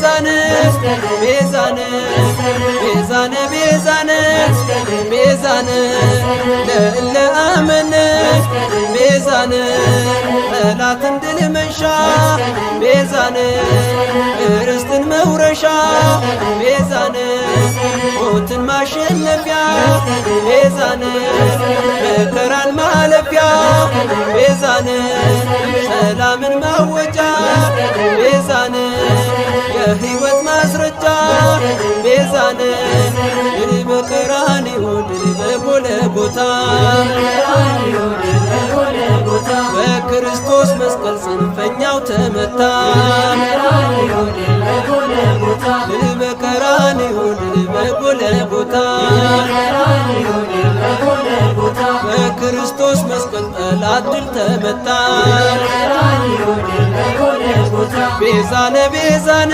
ቤዛነ ቤዛነ ቤዛነ ቤዛነ ቤዛነ ለእለ አመነ ቤዛነ ጠላትን ድል መንሻ ቤዛነ ርስትን መውረሻ ቤዛነ ሞትን ማሸነፊያ ቤዛነ መከራን ማለፊያ ቤዛነ ኪዳነ ድል በቀራንዮ ድል በጎልጎታ በክርስቶስ መስቀል ጽንፈኛው ተመታ ድል በቀራንዮ ድል በጎልጎታ በክርስቶስ መስቀል ጠላት ድል ተመታ ቤዛነ ቤዛነ